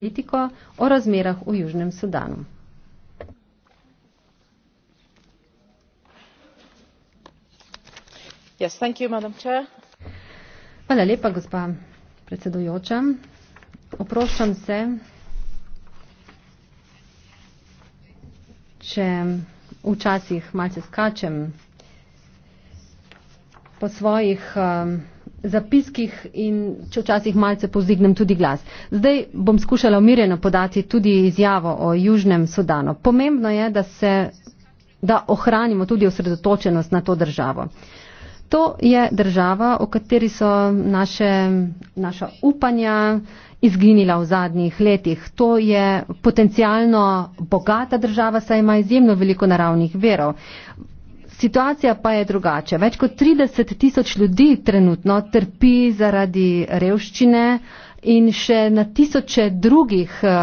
politiko o razmerah v Južnem Sudanu. Yes, thank you, madam chair. Hvala lepa, gospa predsedujoča. Oproščam se, če včasih malce skačem po svojih um, zapiskih in če včasih malce pozignem tudi glas. Zdaj bom skušala umirjeno podati tudi izjavo o Južnem Sudanu. Pomembno je, da, se, da ohranimo tudi osredotočenost na to državo. To je država, v kateri so naše, naša upanja izginila v zadnjih letih. To je potencijalno bogata država, saj ima izjemno veliko naravnih verov. Situacija pa je drugače. Več kot 30 tisoč ljudi trenutno trpi zaradi revščine in še na tisoče drugih eh,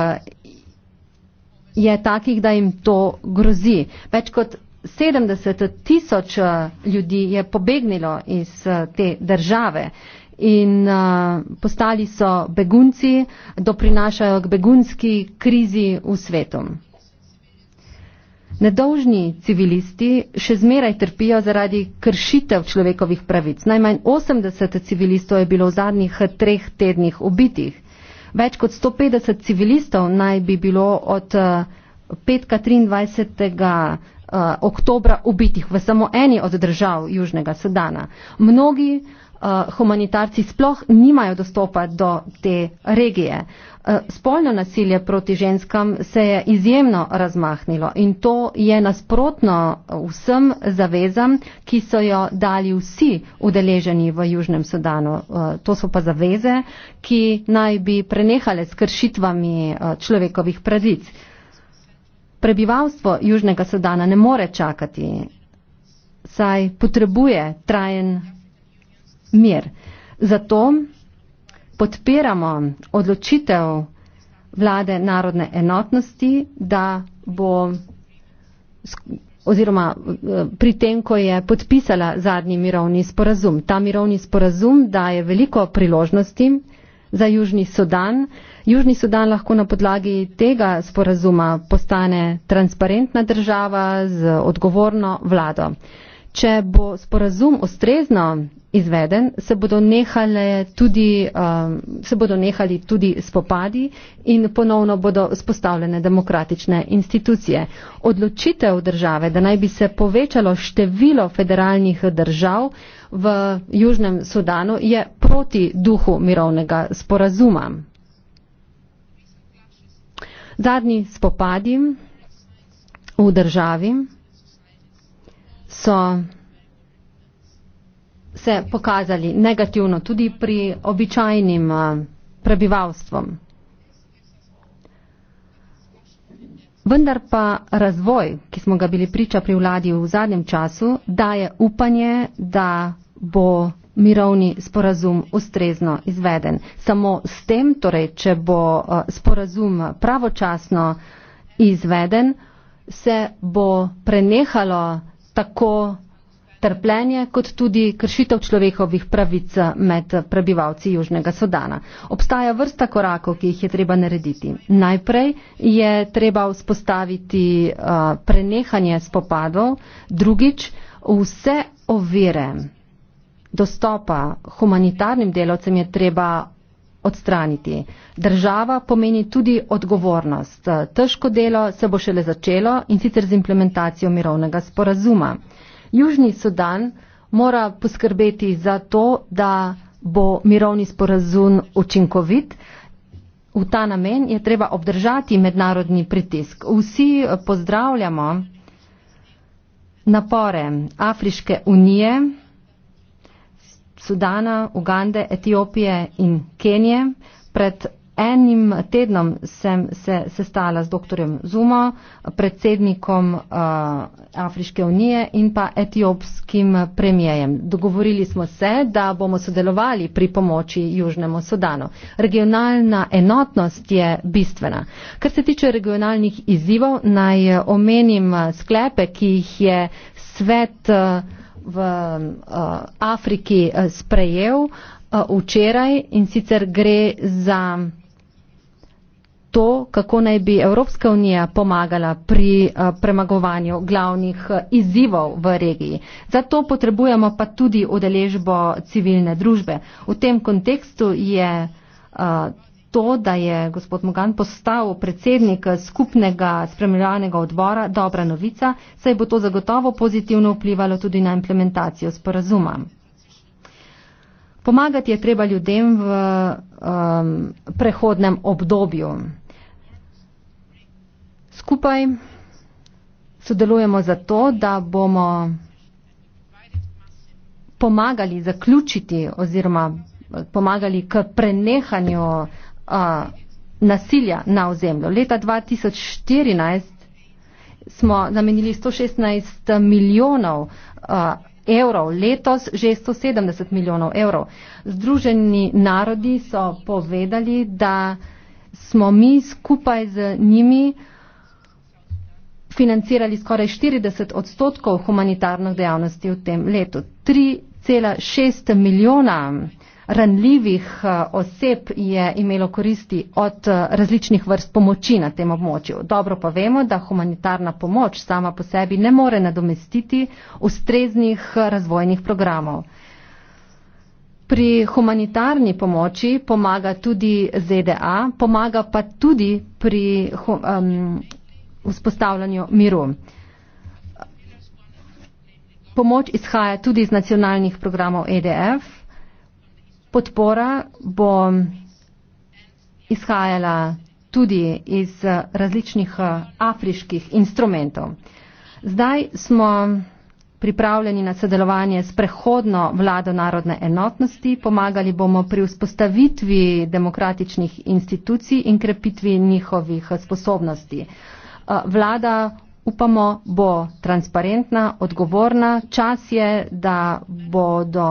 je takih, da jim to grozi. Več kot 70 tisoč eh, ljudi je pobegnilo iz eh, te države in postali so begunci, doprinašajo k begunski krizi v svetu. Nedolžni civilisti še zmeraj trpijo zaradi kršitev človekovih pravic. Najmanj 80 civilistov je bilo v zadnjih treh tednih ubitih. Več kot 150 civilistov naj bi bilo od eh, petka 23. Eh, oktobra ubitih v samo eni od držav Južnega Sudana. Mnogi Eh, humanitarci sploh nimajo dostopa do te regije. Eh, spolno nasilje proti ženskam se je izjemno razmahnilo in to je nasprotno vsem zavezam, ki so jo dali vsi udeleženi v Južnem Sudanu. Eh, to so pa zaveze, ki naj bi prenehale s kršitvami človekovih pravic. Prebivalstvo Južnega Sudana ne more čakati, saj potrebuje trajen mir. Zato podpiramo odločitev vlade narodne enotnosti, da bo oziroma eh, pri tem, ko je podpisala zadnji mirovni sporazum. Ta mirovni sporazum daje veliko priložnosti za Južni Sudan. Južni Sudan lahko na podlagi tega sporazuma postane transparentna država z odgovorno vlado. Če bo sporazum ustrezno izveden, se bodo, tudi, um, se bodo nehali tudi spopadi in ponovno bodo spostavljene demokratične institucije. Odločitev države, da naj bi se povečalo število federalnih držav v Južnem Sudanu, je proti duhu mirovnega sporazuma. Zadnji spopadi v državi so se pokazali negativno tudi pri običajnim eh, prebivalstvom. Vendar pa razvoj, ki smo ga bili priča pri vladi v zadnjem času, daje upanje, da bo mirovni sporazum ustrezno izveden. Samo s tem, torej, če bo eh, sporazum pravočasno izveden, se bo prenehalo tako trpljenje, kot tudi kršitev človekovih pravic med prebivalci Južnega Sodana. Obstaja vrsta korakov, ki jih je treba narediti. Najprej je treba vzpostaviti uh, prenehanje spopadov, drugič vse ovire dostopa humanitarnim delavcem je treba odstraniti. Država pomeni tudi odgovornost. Težko delo se bo šele začelo in sicer z implementacijo mirovnega sporazuma. Južni Sudan mora poskrbeti za to, da bo mirovni sporazum učinkovit. V ta namen je treba obdržati mednarodni pritisk. Vsi eh, pozdravljamo napore Afriške unije, Sudana, Ugande, Etiopije in Kenije pred enim tednom sem se sestala z doktorjem Zuma, predsednikom uh, Afriške unije in pa etiopskim premijejem. Dogovorili smo se, da bomo sodelovali pri pomoči Južnemu Sudanu. Regionalna enotnost je bistvena. Kar se tiče regionalnih izzivov, naj eh, omenim eh, sklepe, ki jih je svet uh, v uh, Afriki uh, sprejel. Včeraj in sicer gre za to, kako naj bi Evropska unija pomagala pri eh, premagovanju glavnih eh, izzivov v regiji. Zato potrebujemo pa tudi odeležbo civilne družbe. V tem kontekstu je eh, to, da je gospod Mogan postal predsednik skupnega spremljalnega odbora dobra novica, saj bo to zagotovo pozitivno vplivalo tudi na implementacijo sporazuma. Pomagati je treba ljudem v um, prehodnem obdobju skupaj sodelujemo zato, da bomo pomagali zaključiti oziroma eh, pomagali k prenehanju a, eh, nasilja na ozemlju. Leta 2014 smo namenili 116 milijonov a, eh, evrov, letos že 170 milijonov evrov. Združeni narodi so povedali, da smo mi skupaj z njimi a, financirali skoraj 40 odstotkov humanitarnih dejavnosti v tem letu. 3,6 milijona ranljivih eh, oseb je imelo koristi od eh, različnih vrst pomoči na tem območju. Dobro pa vemo, da humanitarna pomoč sama po sebi ne more nadomestiti ustreznih eh, razvojnih programov. Pri humanitarni pomoči pomaga tudi ZDA, pomaga pa tudi pri. Um, vzpostavljanju miru. Pomoč izhaja tudi iz nacionalnih programov EDF. Podpora bo izhajala tudi iz eh, različnih eh, afriških instrumentov. Zdaj smo pripravljeni na sodelovanje s prehodno vlado narodne enotnosti. Pomagali bomo pri vzpostavitvi demokratičnih institucij in krepitvi njihovih eh, sposobnosti. Eh, vlada, upamo, bo transparentna, odgovorna. Čas je, da bodo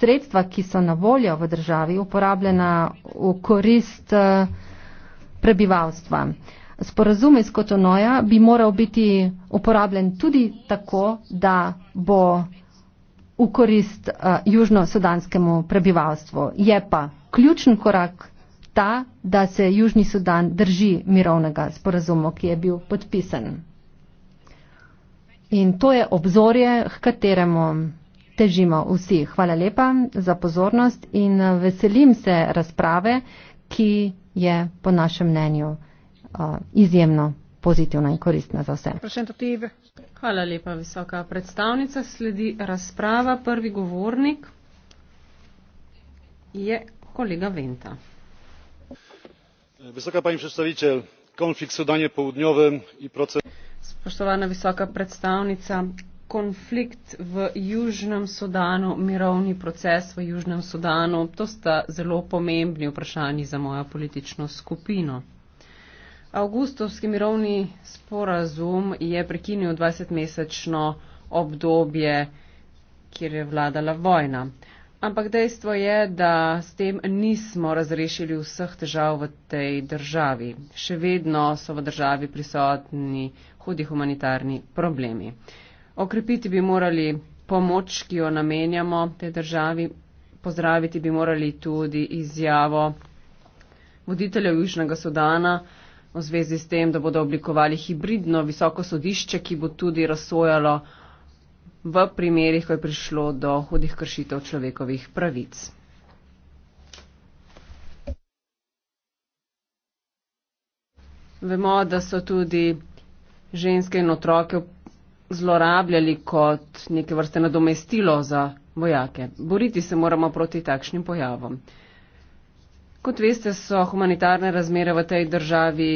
sredstva, ki so na voljo v državi, uporabljena v korist eh, prebivalstva. Sporazum iz Kotonoja bi moral biti uporabljen tudi tako, da bo v korist uh, južno-sudanskemu prebivalstvu. Je pa ključen korak ta, da se Južni Sudan drži mirovnega sporazuma, ki je bil podpisan. In to je obzorje, k kateremu težimo vsi. Hvala lepa za pozornost in eh, veselim se razprave, ki je po našem mnenju eh, izjemno pozitivna in koristna za vse. Hvala lepa, visoka predstavnica. Sledi razprava. Prvi govornik je kolega Venta wysoka pani przedstawiciel konflikt w sudanie południowym i proces. spoštovana visoka predstavnica konflikt v južnem sudanu mirovni proces v južnem sudanu to sta zelo pomembni vprašanji za mojo politično skupino. Augustovski mirovni sporazum je prekinil 20-mesečno obdobje, kjer je vladala vojna. Ampak dejstvo je, da s tem nismo razrešili vseh težav v tej državi. Še vedno so v državi prisotni hudi humanitarni problemi. Okrepiti bi morali pomoč, ki jo namenjamo tej državi. Pozdraviti bi morali tudi izjavo voditelja Južnega Sudana v zvezi s tem, da bodo oblikovali hibridno visoko sodišče, ki bo tudi razsojalo v primerih, ko je prišlo do hudih kršitev človekovih pravic. Vemo, da so tudi ženske in otroke zlorabljali kot neke vrste nadomestilo za vojake. Boriti se moramo proti takšnim pojavom. Kot veste, so humanitarne razmere v tej državi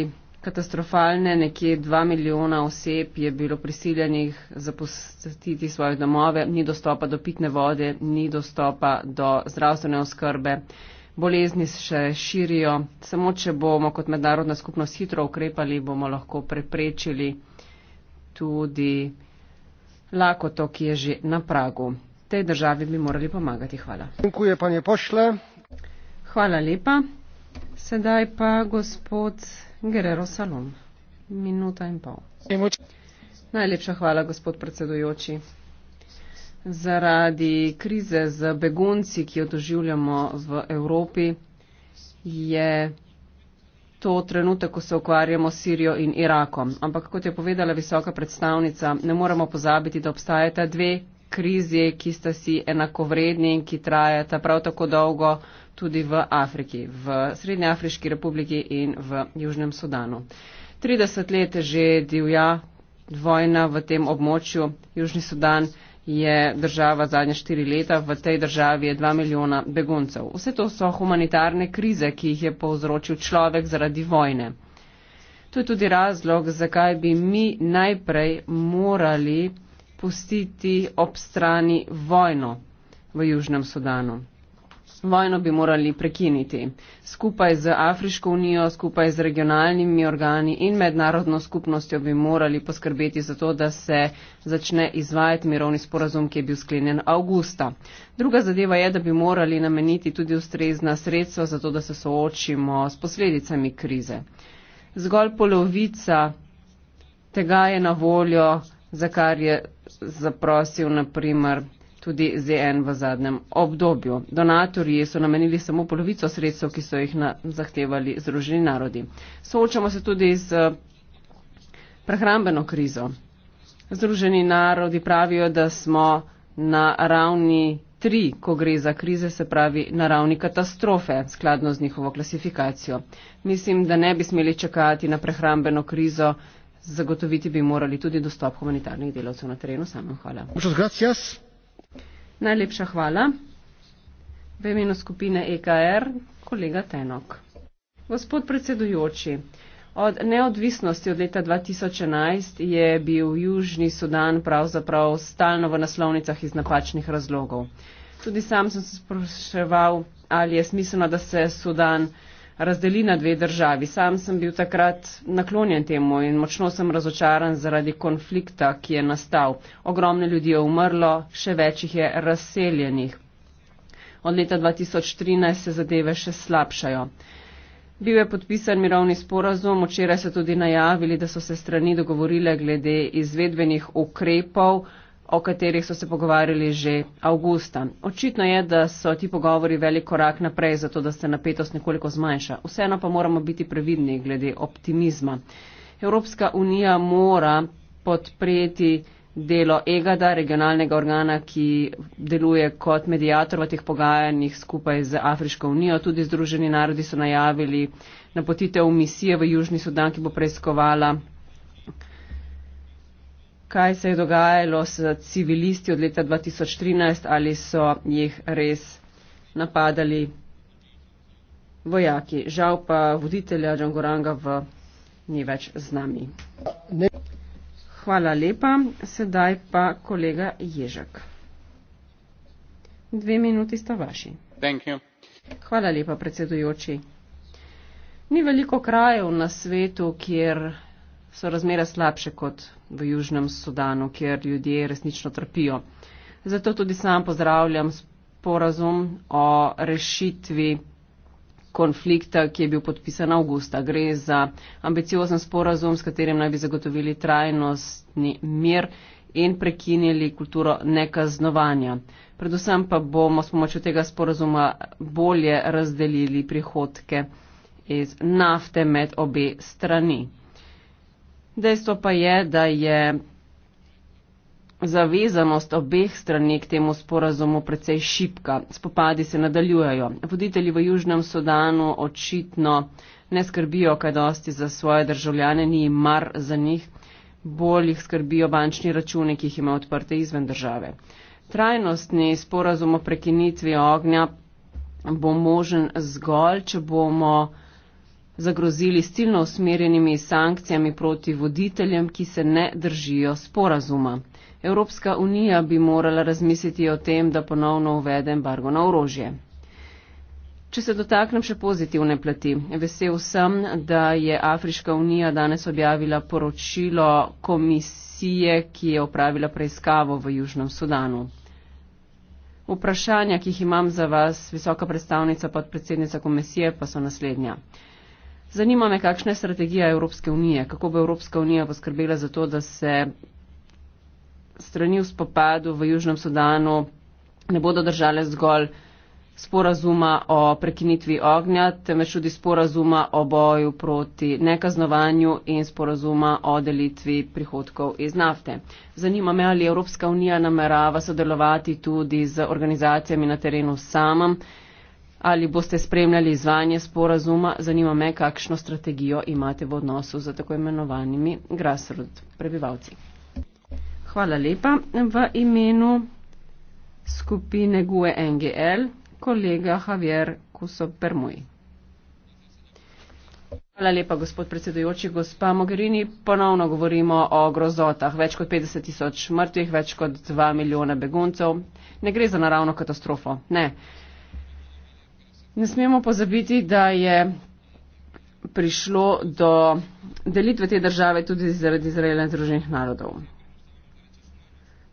katastrofalne, nekje 2 milijona oseb je bilo prisiljenih zapustiti svoje domove, ni dostopa do pitne vode, ni dostopa do zdravstvene oskrbe. Bolezni se širijo, samo če bomo kot mednarodna skupnost hitro ukrepali, bomo lahko preprečili tudi lakoto, ki je že na pragu. Tej državi bi morali pomagati. Hvala. Hvala lepa. Sedaj pa gospod. Guerrero Salom. Minuta in pol. Najlepša hvala, gospod predsedujoči. Zaradi krize z begunci, ki jo doživljamo v Evropi, je to trenutek, ko se ukvarjamo s Sirijo in Irakom. Ampak, kot je povedala visoka predstavnica, ne moremo pozabiti, da obstajata dve krizi, ki sta si enakovredni in ki trajata prav tako dolgo tudi v Afriki, v Srednje Afriški republiki in v Južnem Sudanu. 30 let je že divja vojna v tem območju. Južni Sudan je država zadnje štiri leta, v tej državi je dva milijona beguncev. Vse to so humanitarne krize, ki jih je povzročil človek zaradi vojne. To je tudi razlog, zakaj bi mi najprej morali pustiti ob strani vojno v Južnem Sudanu. Vojno bi morali prekiniti skupaj z Afriško unijo, skupaj z regionalnimi organi in mednarodno skupnostjo bi morali poskrbeti za to, da se začne izvajati mirovni sporazum, ki je bil sklenjen avgusta. Druga zadeva je, da bi morali nameniti tudi ustrezna sredstva za to, da se soočimo s posledicami krize. Zgolj polovica tega je na voljo, za kar je zaprosil naprimer tudi ZN v zadnjem obdobju. Donatorji so namenili samo polovico sredstev, ki so jih na, zahtevali Združeni narodi. Soočamo se tudi z prehrambeno krizo. Združeni narodi pravijo, da smo na ravni tri, ko gre za krize, se pravi na ravni katastrofe, skladno z njihovo klasifikacijo. Mislim, da ne bi smeli čakati na prehrambeno krizo. Zagotoviti bi morali tudi dostop humanitarnih delavcev na terenu. Samo hvala. Najlepša hvala. V imenu skupine EKR, kolega Tenok. Gospod predsedujoči, od neodvisnosti od leta 2011 je bil Južni Sudan pravzaprav stalno v naslovnicah iz napačnih razlogov. Tudi sam sem se spraševal, ali je smiselno, da se Sudan razdeli na dve državi. Sam sem bil takrat naklonjen temu in močno sem razočaran zaradi konflikta, ki je nastal. Ogromne ljudi je umrlo, še več jih je razseljenih. Od leta 2013 se zadeve še slabšajo. Bil je podpisan mirovni sporazum, včeraj so tudi najavili, da so se strani dogovorile glede izvedbenih ukrepov, o katerih so se pogovarjali že avgusta. Očitno je, da so ti pogovori velik korak naprej, zato da se napetost nekoliko zmanjša. Vseeno pa moramo biti previdni glede optimizma. Evropska unija mora podpreti delo EGADA, regionalnega organa, ki deluje kot medijator v teh pogajanjih skupaj z Afriško unijo. Tudi Združeni narodi so najavili napotitev misije v Južni Sudan, ki bo preiskovala kaj se je dogajalo s civilisti od leta 2013, ali so jih res napadali vojaki. Žal pa voditelja Džangoranga v ni več z nami. Hvala lepa. Sedaj pa kolega Ježek. Dve minuti sta vaši. Hvala lepa, predsedujoči. Ni veliko krajev na svetu, kjer so razmere slabše kot v Južnem Sudanu, kjer ljudje resnično trpijo. Zato tudi sam pozdravljam sporazum o rešitvi konflikta, ki je bil podpisan avgusta. Gre za ambiciozen sporazum, s katerim naj bi zagotovili trajnostni mir in prekinili kulturo nekaznovanja. Predvsem pa bomo s pomočjo tega sporazuma bolje razdelili prihodke iz nafte med obe strani. Dejstvo pa je, da je zavezanost obeh strani k temu sporazumu precej šipka. Spopadi se nadaljujejo. Voditelji v Južnem Sudanu očitno ne skrbijo kaj dosti za svoje državljane, ni jim mar za njih, bolj jih skrbijo bančni računi, ki jih ima odprte izven države. Trajnostni sporazum o prekinitvi ognja bo možen zgolj, če bomo zagrozili s ciljno usmerjenimi sankcijami proti voditeljem, ki se ne držijo sporazuma. Evropska unija bi morala razmisliti o tem, da ponovno uvede embargo na orožje. Če se dotaknem še pozitivne plati, vesel sem, da je Afriška unija danes objavila poročilo komisije, ki je opravila preiskavo v Južnem Sudanu. Vprašanja, ki jih imam za vas, visoka predstavnica podpredsednica komisije, pa so naslednja. Zanima me, kakšna je strategija Evropske unije, kako bo Evropska unija poskrbela za to, da se strani v spopadu v Južnem Sudanu ne bodo držale zgolj sporazuma o prekinitvi ognja, temveč tudi sporazuma o boju proti nekaznovanju in sporazuma o delitvi prihodkov iz nafte. Zanima me, ali Evropska unija namerava sodelovati tudi z organizacijami na terenu samem. Ali boste spremljali izvanje sporazuma, zanima me, kakšno strategijo imate v odnosu z tako imenovanimi grassroot prebivalci. Hvala lepa. V imenu skupine GUE NGL kolega Javier Kuso Permuj. Hvala lepa, gospod predsedujoči. Gospa Mogherini, ponovno govorimo o grozotah. Več kot 50 tisoč mrtvih, več kot 2 milijona beguncev. Ne gre za naravno katastrofo. Ne. Ne smemo pozabiti, da je prišlo do delitve te države tudi zaradi Izraela in Združenih narodov.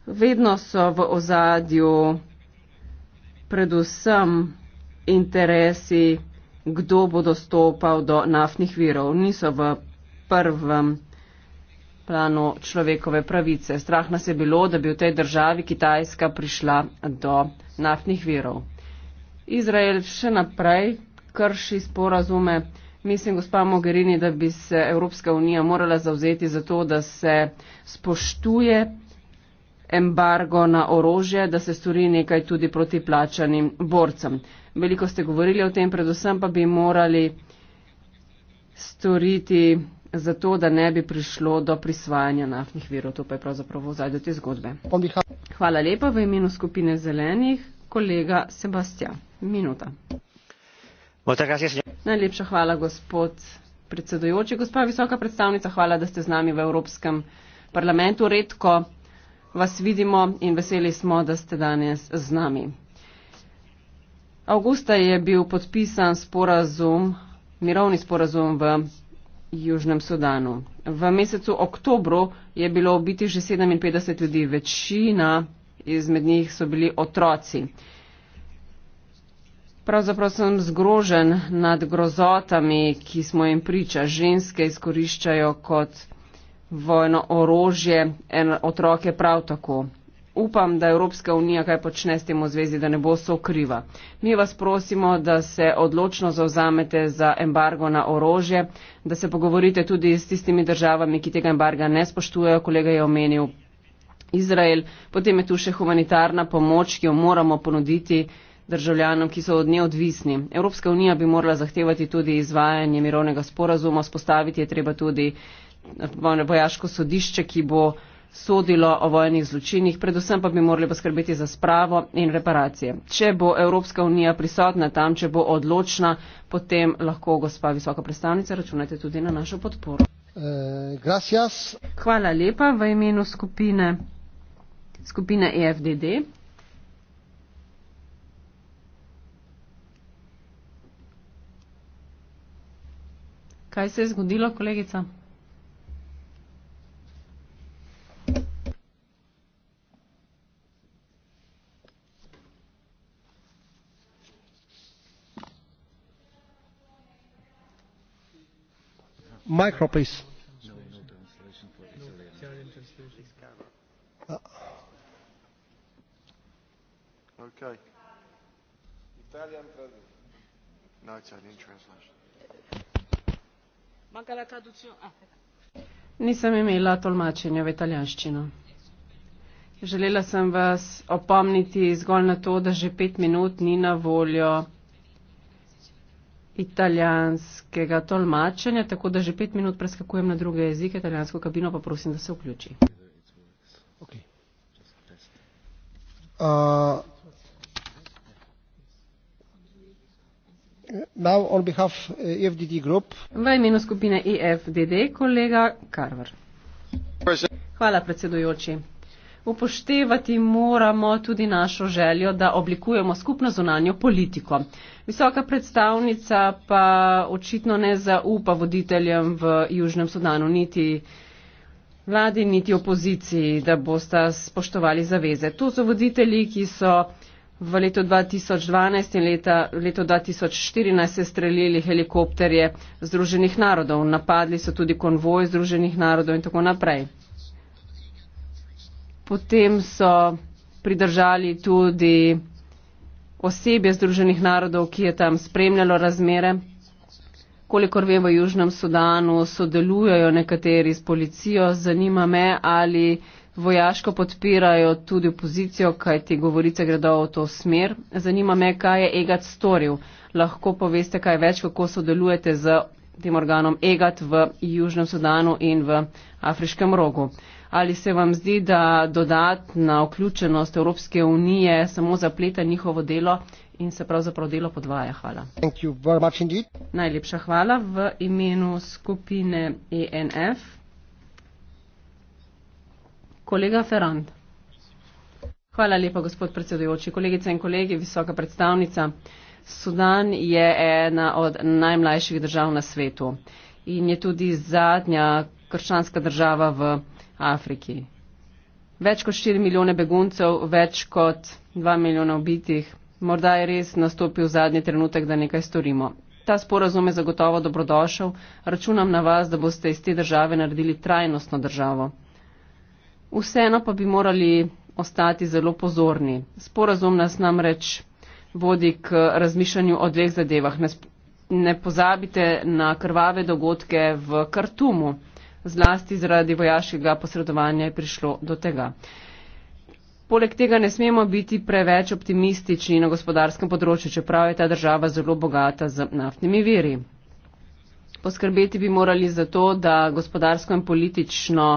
Vedno so v ozadju predvsem interesi, kdo bo dostopal do naftnih virov. Niso v prvem planu človekove pravice. Strah nas je bilo, da bi v tej državi Kitajska prišla do naftnih virov. Izrael še naprej krši sporazume. Mislim, gospa Mogherini, da bi se Evropska unija morala zauzeti za to, da se spoštuje embargo na orožje, da se stori nekaj tudi proti plačanim borcem. Veliko ste govorili o tem, predvsem pa bi morali storiti za to, da ne bi prišlo do prisvajanja naftnih virov. To pa je pravzaprav v zadju te zgodbe. Hvala lepa v imenu skupine zelenih kolega Sebastian. Minuta. Najlepša hvala, gospod predsedojoči. Gospa visoka predstavnica, hvala, da ste z nami v Evropskem parlamentu. Redko vas vidimo in veseli smo, da ste danes z nami. Augusta je bil podpisan sporazum, mirovni sporazum v Južnem Sudanu. V mesecu oktobru je bilo biti že 57 ljudi, večina izmed njih so bili otroci. Pravzaprav sem zgrožen nad grozotami, ki smo jim priča. Ženske izkoriščajo kot vojno orožje, en otroke prav tako. Upam, da Evropska unija kaj počne s tem v zvezi, da ne bo sokriva. Mi vas prosimo, da se odločno zauzamete za embargo na orožje, da se pogovorite tudi s tistimi državami, ki tega embarga ne spoštujejo, kolega je omenil Izrael, potem je tu še humanitarna pomoč, ki jo moramo ponuditi državljanom, ki so od nje odvisni. Evropska unija bi morala zahtevati tudi izvajanje mirovnega sporazuma, spostaviti je treba tudi eh, vojaško sodišče, ki bo sodilo o vojnih zločinih, predvsem pa bi morali poskrbeti za spravo in reparacije. Če bo Evropska unija prisotna tam, če bo odločna, potem lahko gospa visoka predstavnica računate tudi na našo podporo. Eh, Hvala lepa v imenu skupine skupina EFDD. Kaj se je zgodilo, kolegica? Micro, please. Okay. Italian traduction. No, Italian translation. Manca la traduzione. Ah. Nisem imela tolmačenja v italijanščino. Želela sem vas opomniti zgolj na to, da že pet minut ni na voljo italijanskega tolmačenja, tako da že pet minut preskakujem na druge jezike, italijansko kabino pa prosim, da se vključi. Okay. Uh, Now on behalf of eh, the FDD group. V imenu skupine EFDD kolega Karver. Hvala predsedujoči. Upoštevati moramo tudi našo željo, da oblikujemo skupno zunanjo politiko. Visoka predstavnica pa očitno ne zaupa voditeljem v Južnem Sudanu, niti vladi, niti opoziciji, da boste spoštovali zaveze. To so voditelji, ki so V letu 2012 in leta, leto 2014 se streljili helikopterje Združenih narodov, napadli so tudi konvoj Združenih narodov in tako naprej. Potem so pridržali tudi osebje Združenih narodov, ki je tam spremljalo razmere. Kolikor vem, v Južnem Sudanu sodelujejo nekateri s policijo, zanima me, ali vojaško podpirajo tudi opozicijo, kaj ti govorice gredo v to smer. Zanima me, kaj je EGAT storil. Lahko poveste kaj več, kako sodelujete z tem organom EGAT v Južnem Sudanu in v Afriškem rogu. Ali se vam zdi, da dodatna vključenost Evropske unije samo zapleta njihovo delo in se pravzaprav delo podvaja? Hvala. Najlepša hvala v imenu skupine ENF. Kolega Ferrand. Hvala lepa, gospod predsedujoči. Kolegice in kolegi, visoka predstavnica. Sudan je ena od najmlajših držav na svetu in je tudi zadnja krščanska država v Afriki. Več kot 4 milijone beguncev, več kot 2 milijona ubitih. Morda je res nastopil zadnji trenutek, da nekaj storimo. Ta sporazum je zagotovo dobrodošel. Računam na vas, da boste iz te države naredili trajnostno državo. Vseeno pa bi morali ostati zelo pozorni. Sporazum nas namreč vodi k razmišljanju o dveh zadevah. Ne pozabite na krvave dogodke v Kartumu. Zlasti zaradi vojaškega posredovanja je prišlo do tega. Poleg tega ne smemo biti preveč optimistični na gospodarskem področju, čeprav je ta država zelo bogata z naftnimi viri. Poskrbeti bi morali za to, da gospodarsko in politično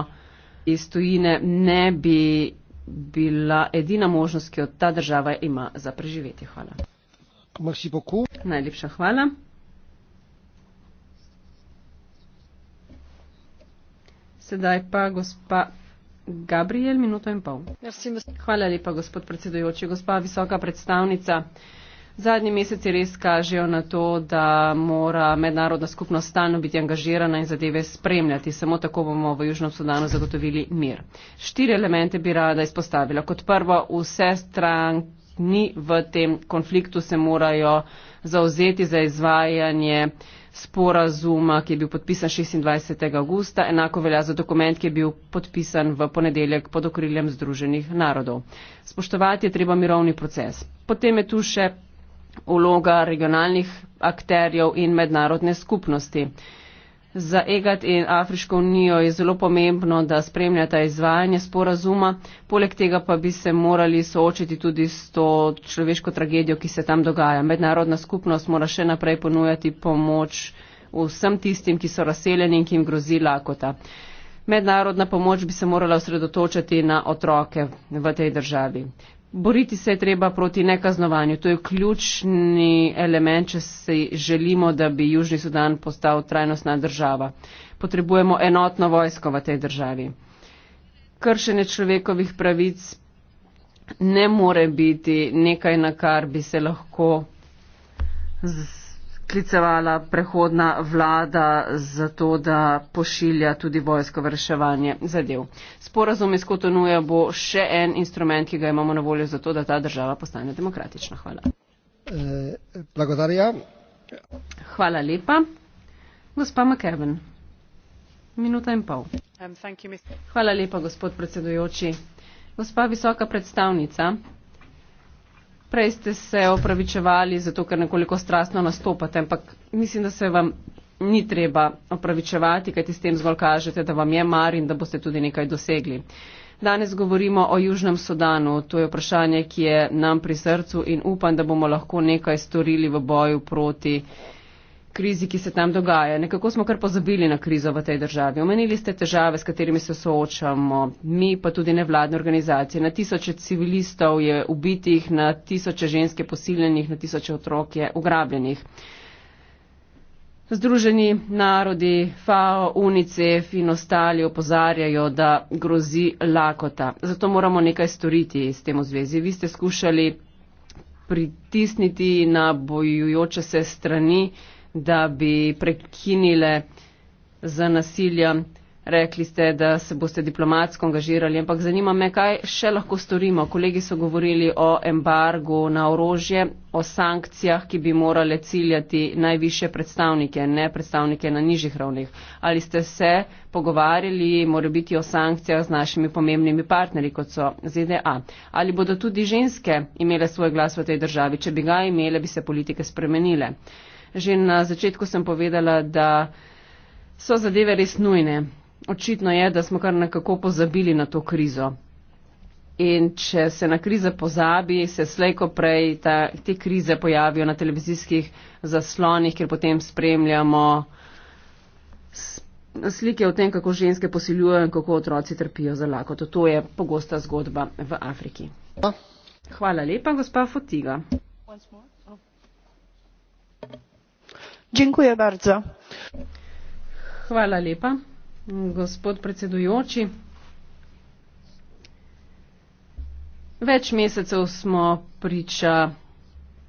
iz tujine ne bi bila edina možnost, ki jo ta država ima za preživeti. Hvala. Najlepša hvala. Sedaj pa gospa Gabriel, minuto in pol. Hvala lepa, gospod predsedujoči, gospa visoka predstavnica. Uh, Zadnji meseci res kažejo na to, da mora mednarodna skupnost stalno biti angažirana in zadeve spremljati. Samo tako bomo v Južnem Sudanu zagotovili mir. Štiri elemente bi rada izpostavila. Kot prvo, vse strani v tem konfliktu se morajo zauzeti za izvajanje sporazuma, ki je bil podpisan 26. augusta. Enako velja za dokument, ki je bil podpisan v ponedeljek pod okriljem Združenih narodov. Spoštovati je treba mirovni proces. Potem je tu še vloga regionalnih akterjev in mednarodne skupnosti. Za EGAT in Afriško unijo je zelo pomembno, da spremljata izvajanje sporazuma, poleg tega pa bi se morali soočiti tudi s to človeško tragedijo, ki se tam dogaja. Mednarodna skupnost mora še naprej ponujati pomoč vsem tistim, ki so razseljeni in ki jim grozi lakota. Mednarodna pomoč bi se morala osredotočati na otroke v tej državi. Boriti se je treba proti nekaznovanju. To je ključni element, če se želimo, da bi Južni Sudan postal trajnostna država. Potrebujemo enotno vojsko v tej državi. Kršene človekovih pravic ne more biti nekaj, na kar bi se lahko z sklicevala prehodna vlada za to, da pošilja tudi vojsko vrševanje zadev. Sporazum iz Kotonuja bo še en instrument, ki ga imamo na voljo za to, da ta država postane demokratična. Hvala. Eh, Blagodarja. Hvala lepa. Gospa McKevin. Minuta in pol. Um, Hvala lepa, gospod predsedujoči. Gospa visoka predstavnica. Prej ste se opravičevali zato, ker nekoliko strastno nastopate, ampak mislim, da se vam ni treba opravičevati, kajti s tem zgolj kažete, da vam je mar in da boste tudi nekaj dosegli. Danes govorimo o Južnem Sudanu. To je vprašanje, ki je nam pri srcu in upam, da bomo lahko nekaj storili v boju proti krizi, ki se tam dogaja. Nekako smo kar pozabili na krizo v tej državi. Omenili ste težave, s katerimi se soočamo, mi pa tudi nevladne organizacije. Na tisoče civilistov je ubitih, na tisoče ženske posiljenih, na tisoče otrok je ugrabljenih. Združeni narodi, FAO, UNICEF in ostali opozarjajo, da grozi lakota. Zato moramo nekaj storiti s tem v zvezi. Vi ste skušali pritisniti na bojujoče se strani, da bi prekinile z nasiljem. Rekli ste, da se boste diplomatsko angažirali, ampak zanima me, kaj še lahko storimo. Kolegi so govorili o embargu na orožje, o sankcijah, ki bi morale ciljati najviše predstavnike, ne predstavnike na nižjih ravnih. Ali ste se pogovarjali, mora biti o sankcijah z našimi pomembnimi partnerji, kot so ZDA? Ali bodo tudi ženske imele svoj glas v tej državi? Če bi ga imele, bi se politike spremenile. Že na začetku sem povedala, da so zadeve res nujne. Očitno je, da smo kar nekako pozabili na to krizo. In če se na krize pozabi, se slejko prej ta, te krize pojavijo na televizijskih zaslonih, ker potem spremljamo slike o tem, kako ženske posiljujejo in kako otroci trpijo za lakoto. To je pogosta zgodba v Afriki. Ja. Hvala lepa, gospa Fotiga. Once more več mesecev smo priča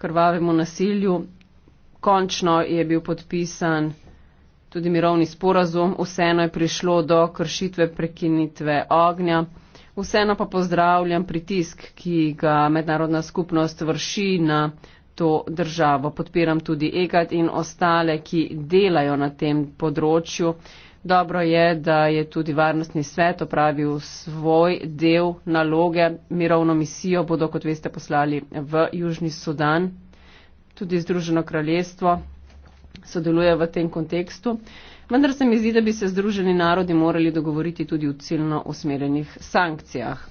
krvavemu nasilju končno je bil podpisan tudi mirovni sporazum vseeno je prišlo do kršitve prekinitve ognja vseeno pa pozdravljam pritisk ki ga mednarodna skupnost vrši na to državo. Podpiram tudi EGAT in ostale, ki delajo na tem področju. Dobro je, da je tudi varnostni svet opravil svoj del naloge. Mirovno misijo bodo, kot veste, poslali v Južni Sudan. Tudi Združeno kraljestvo sodeluje v tem kontekstu. Vendar se mi zdi, da bi se Združeni narodi morali dogovoriti tudi v ciljno usmerjenih sankcijah.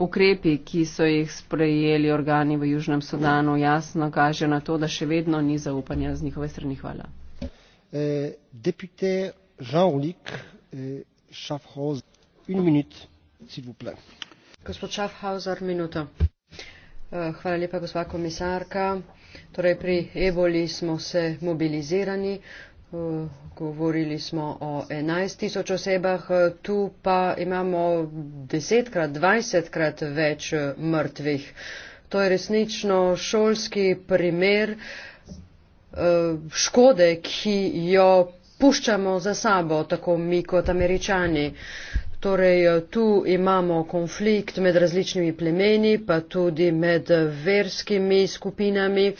Ukrepi, ki so jih sprejeli organi v Južnem Sudanu, jasno kaže na to, da še vedno ni zaupanja z njihove strani. Hvala. Eh, eh, Gospod Schaffhauser, minuto. Eh, hvala lepa, gospa komisarka. Torej, pri eboli smo se mobilizirani, Govorili smo o 11 tisoč osebah, tu pa imamo 10 krat, 20 krat več mrtvih. To je resnično šolski primer eh, škode, ki jo puščamo za sabo, tako mi kot američani. Torej, tu imamo konflikt med različnimi plemeni, pa tudi med verskimi skupinami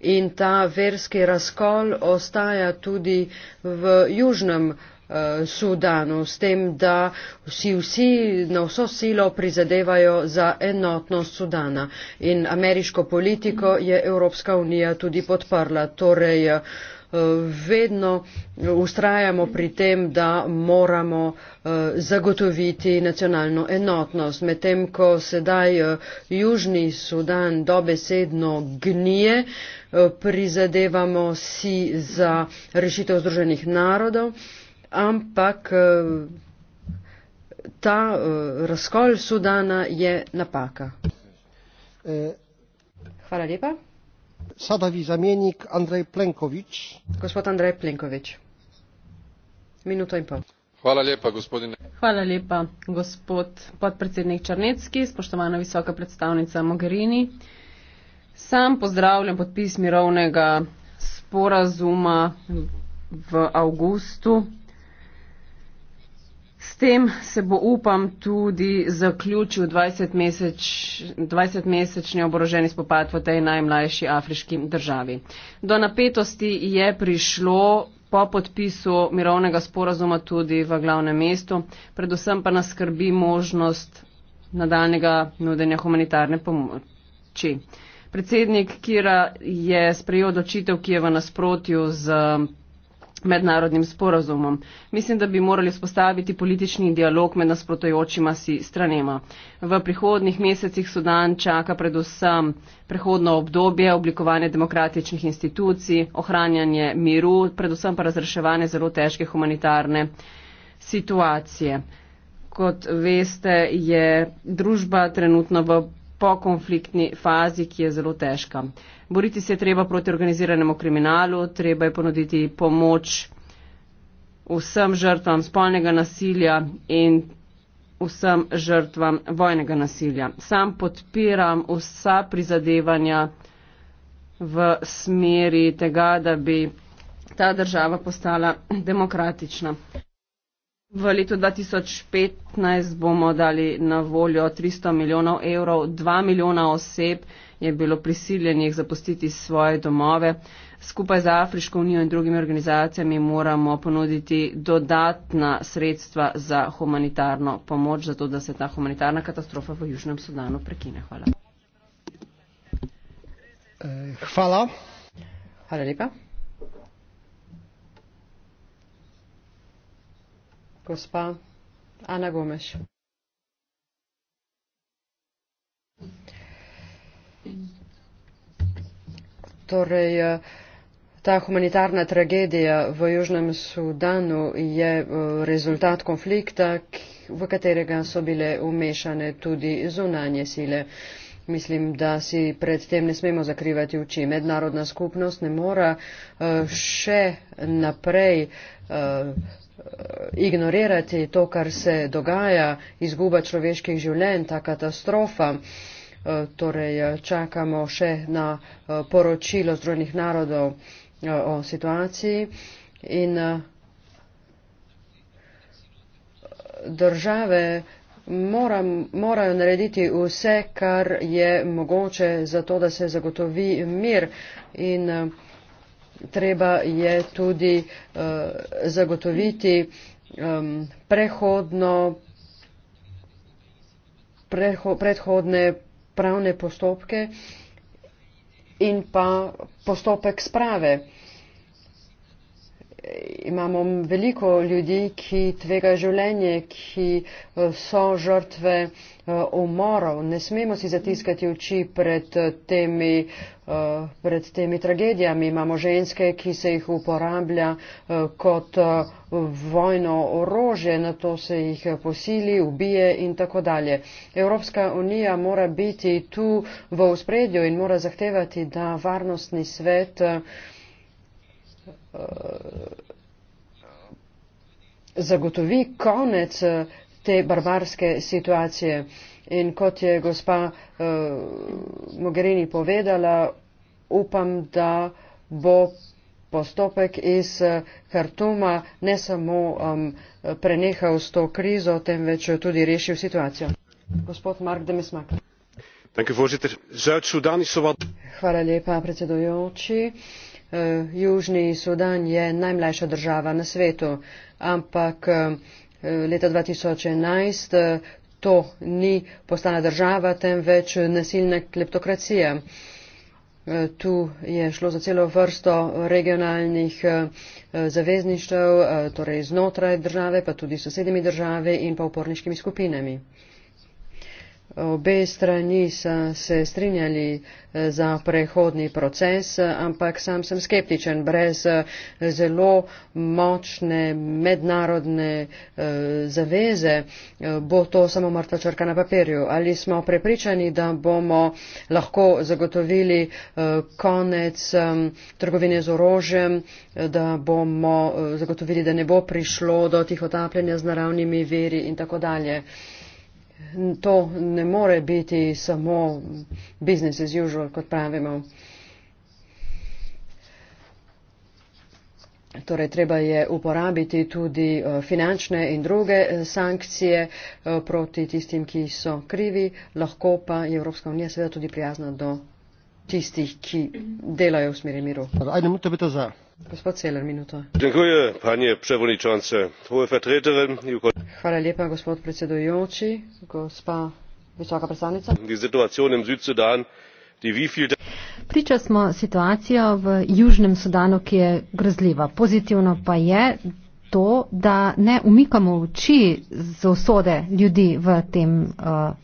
in ta verski razkol ostaja tudi v južnem eh, Sudanu, s tem, da si vsi na vso silo prizadevajo za enotnost Sudana. In ameriško politiko je Evropska unija tudi podprla. Torej, eh, Eh, vedno ustrajamo pri tem, da moramo eh, zagotoviti nacionalno enotnost. Medtem, ko sedaj eh, Južni Sudan dobesedno gnije, prizadevamo si za rešitev združenih narodov, ampak ta razkol Sudana je napaka. Hvala lepa sadovi zamjenik Andrej Plenković. Gospod Andrej Plenković. Minuto in pol. Hvala lepa, gospodine. Hvala lepa, gospod podpredsednik Črnecki, spoštovana visoka predstavnica Mogherini. Sam pozdravljam podpis mirovnega sporazuma v avgustu S tem se bo, upam, tudi zaključil 20-mesečni 20 oboroženi spopad v tej najmlajši afriški državi. Do napetosti je prišlo po podpisu mirovnega sporazuma tudi v glavnem mestu, predvsem pa nas skrbi možnost nadaljnega nudenja humanitarne pomoči. Predsednik Kira je sprejel odločitev, ki je v nasprotju z mednarodnim sporazumom. Mislim, da bi morali spostaviti politični dialog med nasprotojočima si stranema. V prihodnih mesecih Sudan čaka predvsem prehodno obdobje, oblikovanje demokratičnih institucij, ohranjanje miru, predvsem pa razreševanje zelo težke humanitarne situacije. Kot veste, je družba trenutno v po konfliktni fazi, ki je zelo težka. Boriti se je treba proti organiziranemu kriminalu, treba je ponuditi pomoč vsem žrtvam spolnega nasilja in vsem žrtvam vojnega nasilja. Sam podpiram vsa prizadevanja v smeri tega, da bi ta država postala demokratična. V letu 2015 bomo dali na voljo 300 milijonov evrov. 2 milijona oseb je bilo prisiljenih zapustiti svoje domove. Skupaj z Afriško unijo in drugimi organizacijami moramo ponuditi dodatna sredstva za humanitarno pomoč, zato da se ta humanitarna katastrofa v Južnem Sudanu prekine. Hvala. Eh, hvala. Hvala lepa. gospa Ana Gomeš. Torej, eh, ta humanitarna tragedija v Južnem Sudanu je eh, rezultat konflikta, v katerega so bile umešane tudi zunanje sile. Mislim, da si pred tem ne smemo zakrivati oči. Mednarodna skupnost ne mora eh, še naprej ignorirati to, kar se dogaja, izguba človeških življenj, ta katastrofa. Eh, torej, eh, čakamo še na eh, poročilo Združenih narodov o situaciji in države mora, morajo narediti vse, kar je mogoče za to, da se zagotovi mir in treba je tudi uh, zagotoviti um, prehodno, preho, predhodne pravne postopke in pa postopek sprave imamo veliko ljudi, ki tvegajo življenje, ki eh, so žrtve eh, umorov. Ne smemo si zatiskati oči pred eh, temi, pred temi tragedijami. Imamo ženske, ki se jih uporablja kot vojno orožje, na to se jih posili, ubije in tako dalje. Evropska unija mora biti tu v uspredju in mora zahtevati, da varnostni svet Eh, zagotovi konec eh, te barbarske situacije. In kot je gospa uh, Mogherini povedala, upam, da bo postopek iz Hartuma ne samo um, prenehal s to krizo, temveč tudi rešil situacijo. Gospod Mark Demesmak. Hvala lepa, predsedujoči. Uh, Eh, Južni Sudan je najmlajša država na svetu, ampak eh, leta 2011 eh, to ni postala država, temveč nasilna kleptokracija. Tu je šlo za celo vrsto regionalnih zavezništev, torej znotraj države, pa tudi sosednjimi državami in pa uporniškimi skupinami obe strani so se strinjali eh, za prehodni proces, ampak sam sem skeptičen. Brez eh, zelo močne mednarodne eh, zaveze bo to samo mrtva črka na papirju. Ali smo prepričani, da bomo lahko zagotovili konec trgovine z orožjem, da bomo zagotovili, da ne bo prišlo do tih otapljanja z naravnimi veri in tako dalje to ne more biti samo business as usual, kot pravimo. Torej, treba je uporabiti tudi eh, finančne in druge eh, sankcije eh, proti tistim, ki so krivi, lahko pa je Evropska unija seveda tudi prijazna do tistih, ki delajo v smeri miru. Ajde, priča smo situacijo v južnem sudanu ki je grozljiva pozitivno pa je to da ne umikamo oči z usode ljudi v tem uh,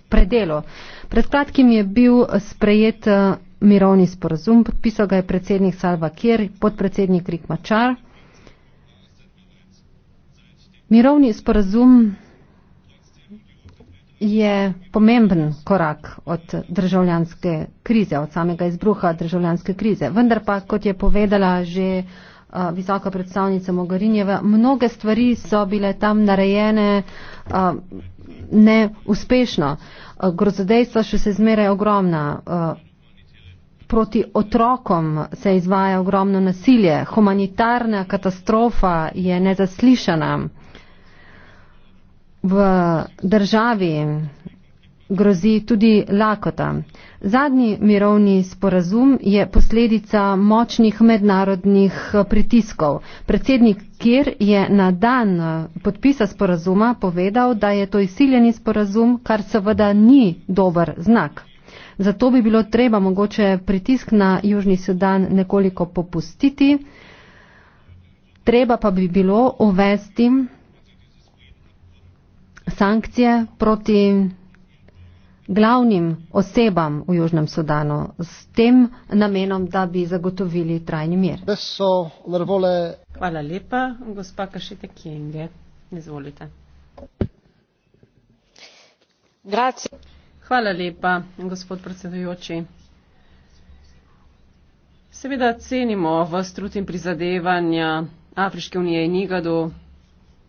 predelu pred kratkim je bil sprejet uh, mirovni sporazum, podpisal ga je predsednik Salva Kjer, podpredsednik Rik Mačar. Mirovni sporazum je pomemben korak od državljanske krize, od samega izbruha državljanske krize. Vendar pa, kot je povedala že visoka predstavnica Mogarinjeva, mnoge stvari so bile tam narejene neuspešno. Grozodejstva še se zmeraj ogromna proti otrokom se izvaja ogromno nasilje, humanitarna katastrofa je nezaslišana. V državi grozi tudi lakota. Zadnji mirovni sporazum je posledica močnih mednarodnih pritiskov. Predsednik Kir je na dan podpisa sporazuma povedal, da je to izsiljeni sporazum, kar seveda ni dober znak. Zato bi bilo treba mogoče pritisk na Južni Sudan nekoliko popustiti. Treba pa bi bilo uvesti sankcije proti glavnim osebam v Južnem Sudanu s tem namenom, da bi zagotovili trajni mir. Hvala lepa, gospa Kašite Kinge. Izvolite. Grazie. Hvala lepa, gospod predsedujoči. Seveda cenimo v strutim prizadevanja Afriške unije in Igadu,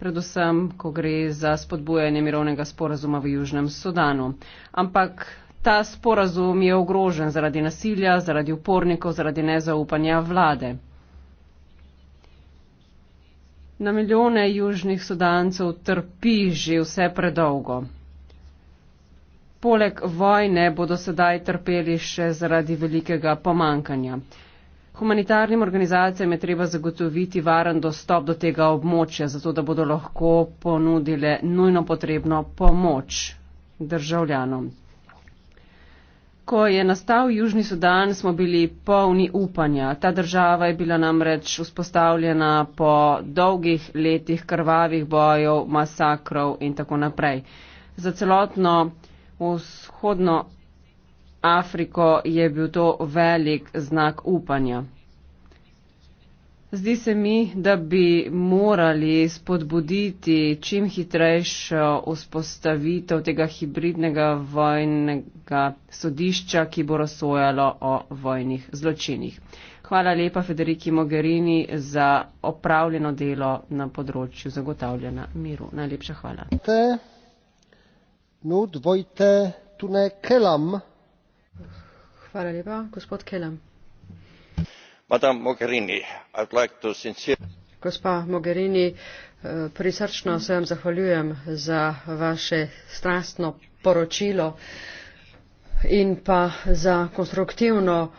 predvsem, ko gre za spodbujanje mirovnega sporazuma v Južnem Sudanu. Ampak ta sporazum je ogrožen zaradi nasilja, zaradi upornikov, zaradi nezaupanja vlade. Na milijone južnih sudancev trpi že vse predolgo poleg vojne bodo sedaj trpeli še zaradi velikega pomankanja. Humanitarnim organizacijam je treba zagotoviti varen dostop do tega območja, zato da bodo lahko ponudile nujno potrebno pomoč državljanom. Ko je nastal Južni Sudan, smo bili polni upanja. Ta država je bila namreč vzpostavljena po dolgih letih krvavih bojev, masakrov in tako naprej. Za celotno vzhodno Afriko je bil to velik znak upanja. Zdi se mi, da bi morali spodbuditi čim hitrejšo vzpostavitev tega hibridnega vojnega sodišča, ki bo razsojalo o vojnih zločinih. Hvala lepa Federiki Mogherini za opravljeno delo na področju zagotavljanja miru. Najlepša hvala. Te gospa mogherini eh, prisrčno se vam zahvaljujem za vaše strastno poročilo in pa za konstruktivno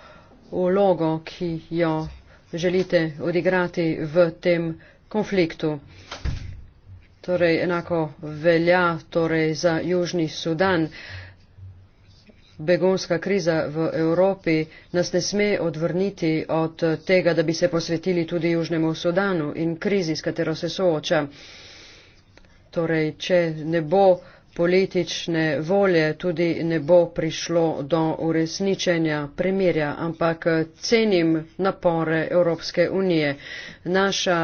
vlogo ki jo želite odigrati v tem konfliktu. Torej, enako velja torej, za Južni Sudan. Begonska kriza v Evropi nas ne sme odvrniti od tega, da bi se posvetili tudi Južnemu Sudanu in krizi, s katero se sooča. Torej, če ne bo politične volje, tudi ne bo prišlo do uresničenja premirja, ampak cenim napore Evropske unije. Naša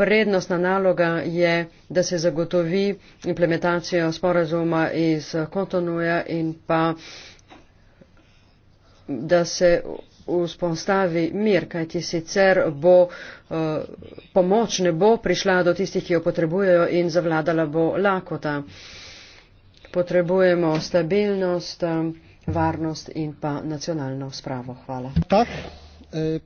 prednostna naloga je, da se zagotovi implementacijo sporazuma iz Kontonuja in pa da se vzpostavi mir, kajti sicer bo uh, pomoč ne bo prišla do tistih, ki jo potrebujejo in zavladala bo lakota. Potrebujemo stabilnost, eh, varnost in pa nacionalno spravo. Hvala. Tak, eh,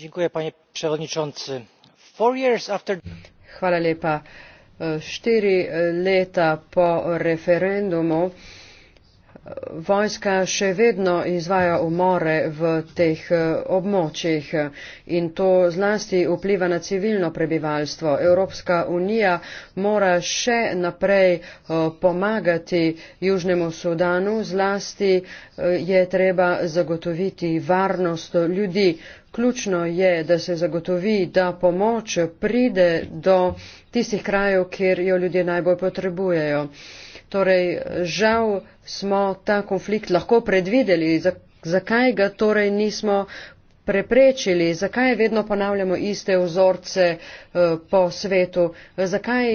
štiri leta po referendumu je bilo v evropski uniji dovolj razumevanja za to da se Vojska še vedno izvaja umore v teh eh, območjih in to zlasti vpliva na civilno prebivalstvo. Evropska unija mora še naprej eh, pomagati Južnemu Sudanu, zlasti eh, je treba zagotoviti varnost ljudi. Ključno je, da se zagotovi, da pomoč pride do tistih krajev, kjer jo ljudje najbolj potrebujejo. Torej, žal smo ta konflikt lahko predvideli, zakaj ga torej nismo preprečili, zakaj vedno ponavljamo iste vzorce eh, po svetu, zakaj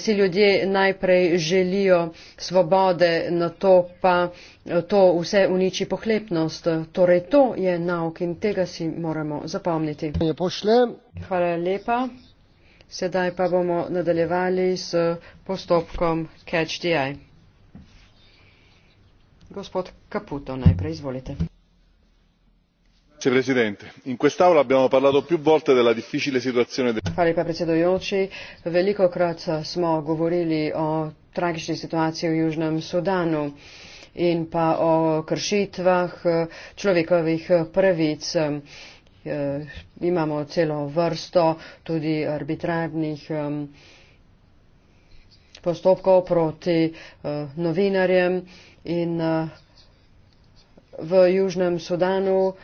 si ljudje najprej želijo svobode, na to pa eh, to vse uniči pohlepnost. Torej, to je nauk in tega si moramo zapomniti. Hvala lepa. Sedaj pa bomo nadaljevali s postopkom CatchDI. Gospod Caputo, najprej izvolite. Hvala lepa, predsedojoči. Veliko krat smo govorili o tragični situaciji v Južnem Sudanu in pa o kršitvah človekovih pravic. Eh, imamo celo vrsto tudi arbitrarnih postopkov proti eh, novinarjem in eh, v Južnem Sudanu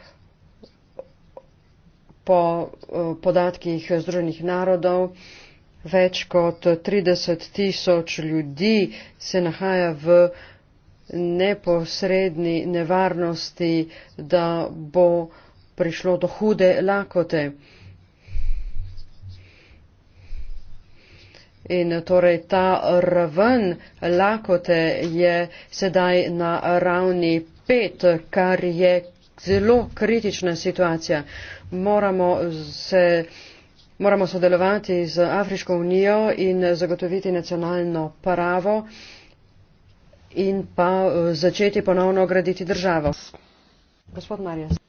po podatkih Združenih narodov več kot 30 tisoč ljudi se nahaja v neposredni nevarnosti, da bo prišlo do hude lakote. In torej ta raven lakote je sedaj na ravni 5, kar je zelo kritična situacija. Moramo, se, moramo sodelovati z Afriško unijo in zagotoviti nacionalno pravo in pa eh, začeti ponovno graditi državo. Gospod Marjas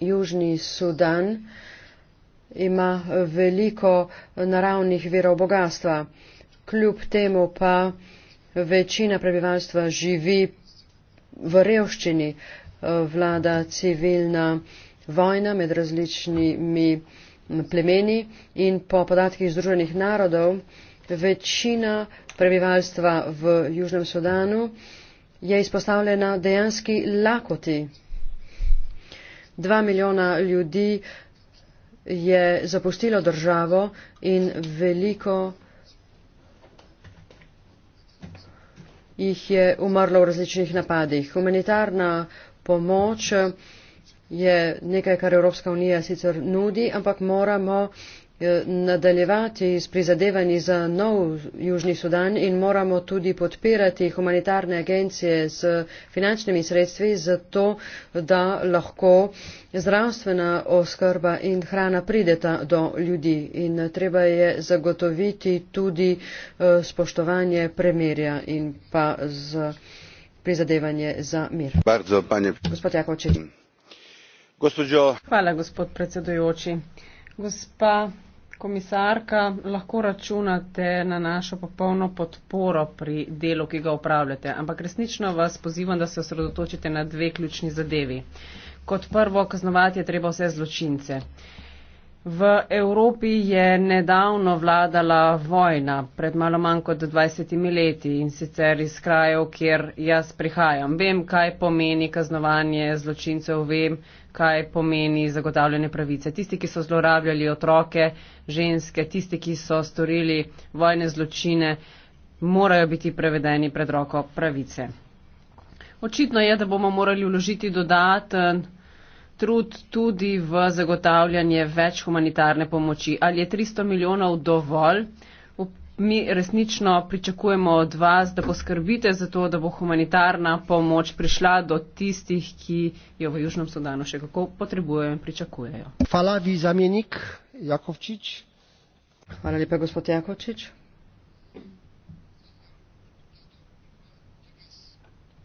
južni sudan ima veliko naravnih virov bogatstva kljub temu pa večina prebivalstva živi v revščini vlada civilna vojna med različnimi plemeni in po podatkih združenih narodov večina prebivalstva v Južnem Sudanu, je izpostavljena dejanski lakoti. Dva milijona ljudi je zapustilo državo in veliko jih je umrlo v različnih napadih. Humanitarna pomoč je nekaj, kar Evropska unija sicer nudi, ampak moramo Eh, nadaljevati s prizadevanji za nov Južni Sudan in moramo tudi podpirati humanitarne agencije z finančnimi sredstvi, zato da lahko zdravstvena oskrba in hrana prideta do ljudi. In eh, treba je zagotoviti tudi eh, spoštovanje premirja in pa z prizadevanje za mir. Bardzo, panje... Gospod Jakovčič. Gospodžo... Hvala, gospod predsedujoči. Gospa komisarka, lahko računate na našo popolno podporo pri delu, ki ga upravljate, ampak resnično vas pozivam, da se osredotočite na dve ključni zadevi. Kot prvo, kaznovati je treba vse zločince. V Evropi je nedavno vladala vojna, pred malo manj kot 20 leti in sicer iz krajev, kjer jaz prihajam. Vem, kaj pomeni kaznovanje zločincev, vem, kaj pomeni zagotavljanje pravice. Tisti, ki so zlorabljali otroke, ženske, tisti, ki so storili vojne zločine, morajo biti prevedeni pred roko pravice. Očitno je, da bomo morali vložiti dodaten trud tudi v zagotavljanje več humanitarne pomoči. Ali je 300 milijonov dovolj? mi resnično pričakujemo od vas, da poskrbite za to, da bo humanitarna pomoč prišla do tistih, ki jo v Južnem Sudanu še kako potrebujejo in pričakujejo. Hvala, vi zamenik Jakovčič. Hvala lepa, gospod Jakovčič.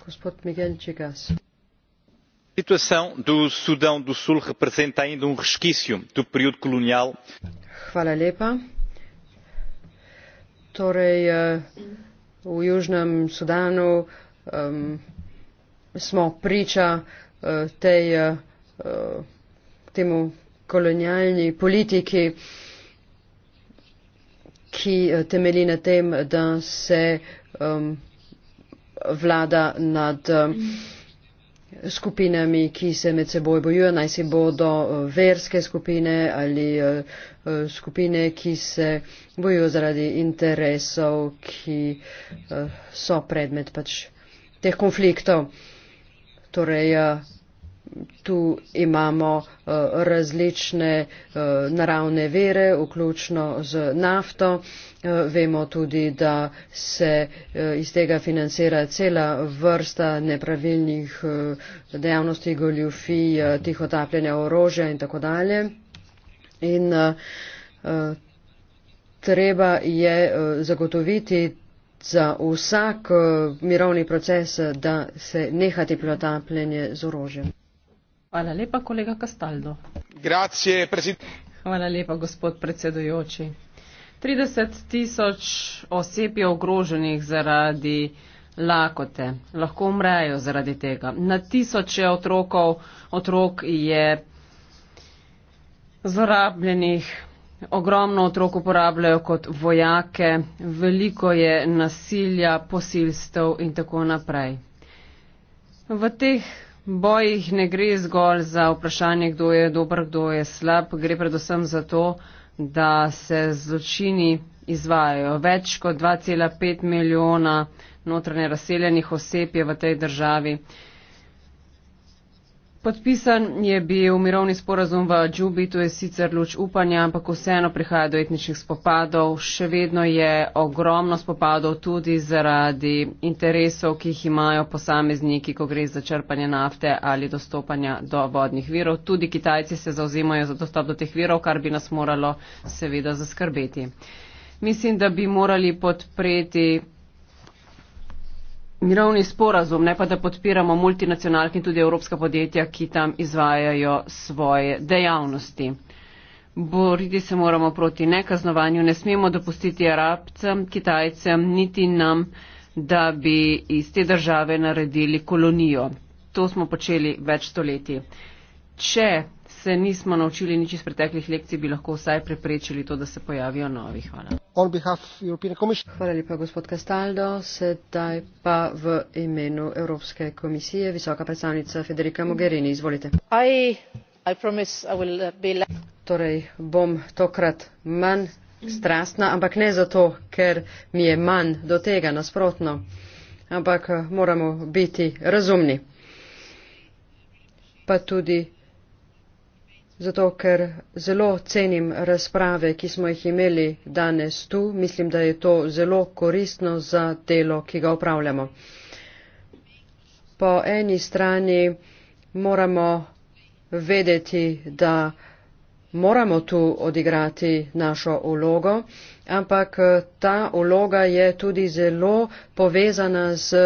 Gospod Miguel Čigas. Situacijo do Sudan do Sul reprezenta ainda un um resquício do período colonial. Hvala lepa torej eh, v Južnem Sudanu um, smo priča uh, tej, uh, temu kolonialni politiki, ki temeli na tem, da se um, vlada nad. Um, skupinami, ki se med seboj bojujejo, naj si bodo eh, verske skupine ali eh, eh, skupine, ki se bojujejo zaradi interesov, ki so predmet pač teh konfliktov. Torej, tu imamo eh, različne eh, naravne vere, vključno z nafto. Eh, vemo tudi, da se iz tega financira cela vrsta nepravilnih dejavnosti, goljufij, tihotapljanja orožja in tako dalje. In treba je zagotoviti za vsak mirovni proces, da se neha tiplotapljanje z orožjem. Hvala lepa, kolega Kastaldo. Grazie, Hvala lepa, gospod predsedujoči. 30 tisoč oseb je ogroženih zaradi lakote, lahko umrejo zaradi tega. Na tisoče otrokov, otrok je zlorabljenih, ogromno otrok uporabljajo kot vojake, veliko je nasilja, posilstev in tako naprej. V teh bojih ne gre zgolj za vprašanje, kdo je dober, kdo je slab, gre predvsem za to, da se zločini izvajajo. Več kot 2,5 milijona notranje razseljenih oseb je v tej državi. Podpisan je bil mirovni sporazum v Džubi, to je sicer luč upanja, ampak vseeno prihaja do etničnih spopadov. Še vedno je ogromno spopadov tudi zaradi interesov, ki jih imajo posamezniki, ko gre za črpanje nafte ali dostopanja do vodnih virov. Tudi Kitajci se zauzemajo za dostop do teh virov, kar bi nas moralo seveda zaskrbeti. Mislim, da bi morali podpreti mirovni sporazum, ne pa da podpiramo multinacionalke in tudi evropska podjetja, ki tam izvajajo svoje dejavnosti. Boriti se moramo proti nekaznovanju, ne smemo dopustiti arabcem, kitajcem, niti nam, da bi iz te države naredili kolonijo. To smo počeli več stoletij. Če se nismo naučili nič iz preteklih lekcij, bi lahko vsaj preprečili to, da se pojavijo novi. Hvala. Hvala lepa, gospod Castaldo. Sedaj pa v imenu Evropske komisije, visoka predstavnica Federica Mogherini. Izvolite. I, I promise, I will uh, be... Torej bom tokrat manj strastna, ampak ne zato, ker mi je manj do tega nasprotno, ampak uh, moramo biti razumni. Pa tudi Zato, ker zelo cenim razprave, ki smo jih imeli danes tu, mislim, da je to zelo koristno za delo, ki ga upravljamo. Po eni strani moramo vedeti, da moramo tu odigrati našo ulogo, ampak eh, ta uloga je tudi zelo povezana z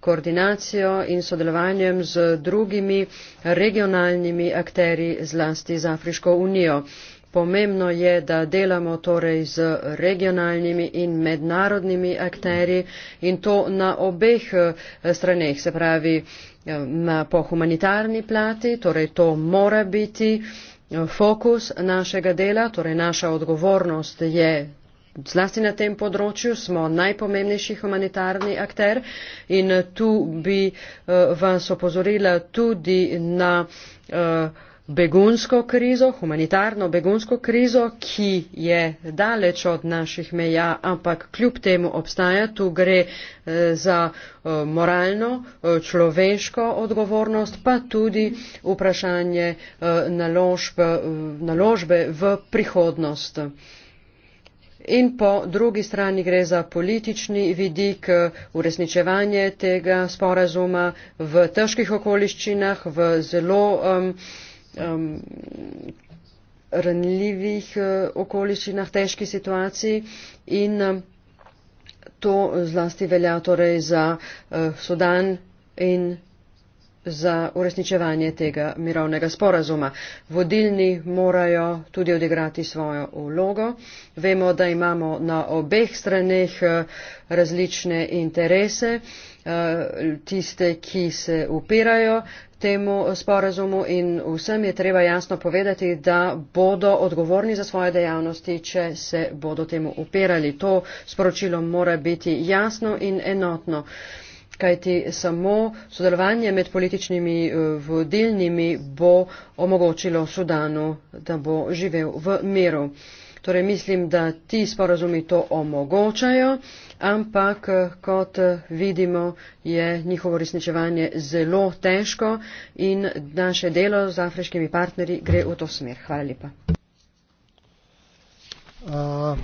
koordinacijo in sodelovanjem z drugimi regionalnimi akteri zlasti z Afriško unijo. Pomembno je, da delamo torej z regionalnimi in mednarodnimi akteri in to na obeh eh, straneh, se pravi eh, po humanitarni plati, torej to mora biti fokus našega dela, torej naša odgovornost je zlasti na tem področju, smo najpomembnejši humanitarni akter in tu bi eh, vas opozorila tudi na uh, begunsko krizo, humanitarno begunsko krizo, ki je daleč od naših meja, ampak kljub temu obstaja. Tu gre eh, za eh, moralno, eh, človeško odgovornost, pa tudi vprašanje naložb, naložbe v prihodnost. In po drugi strani gre za politični vidik uresničevanje tega sporazuma v težkih okoliščinah, v zelo um, um, ranljivih uh, okoliščinah, težki situaciji in um, to zlasti velja torej za uh, Sudan in za uresničevanje tega mirovnega sporazuma. Vodilni morajo tudi odigrati svojo vlogo. Vemo, da imamo na obeh straneh uh, različne interese, tiste, ki se upirajo, temu sporazumu in vsem je treba jasno povedati, da bodo odgovorni za svoje dejavnosti, če se bodo temu upirali. To sporočilo mora biti jasno in enotno. Kajti samo sodelovanje med političnimi eh, vodilnimi bo omogočilo Sudanu, da bo živel v miru. Torej mislim, da ti sporazumi to omogočajo ampak eh, kot eh, vidimo je njihovo resničevanje zelo težko in naše delo z afriškimi partnerji gre v to smer. Hvala lepa. Uh,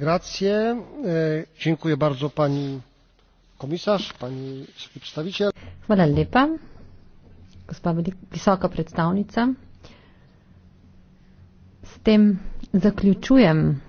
grazie. Eh, dziękuję bardzo pani komisarz, pani przedstawiciel. Hvala lepa, gospa visoka predstavnica. S tem zaključujem.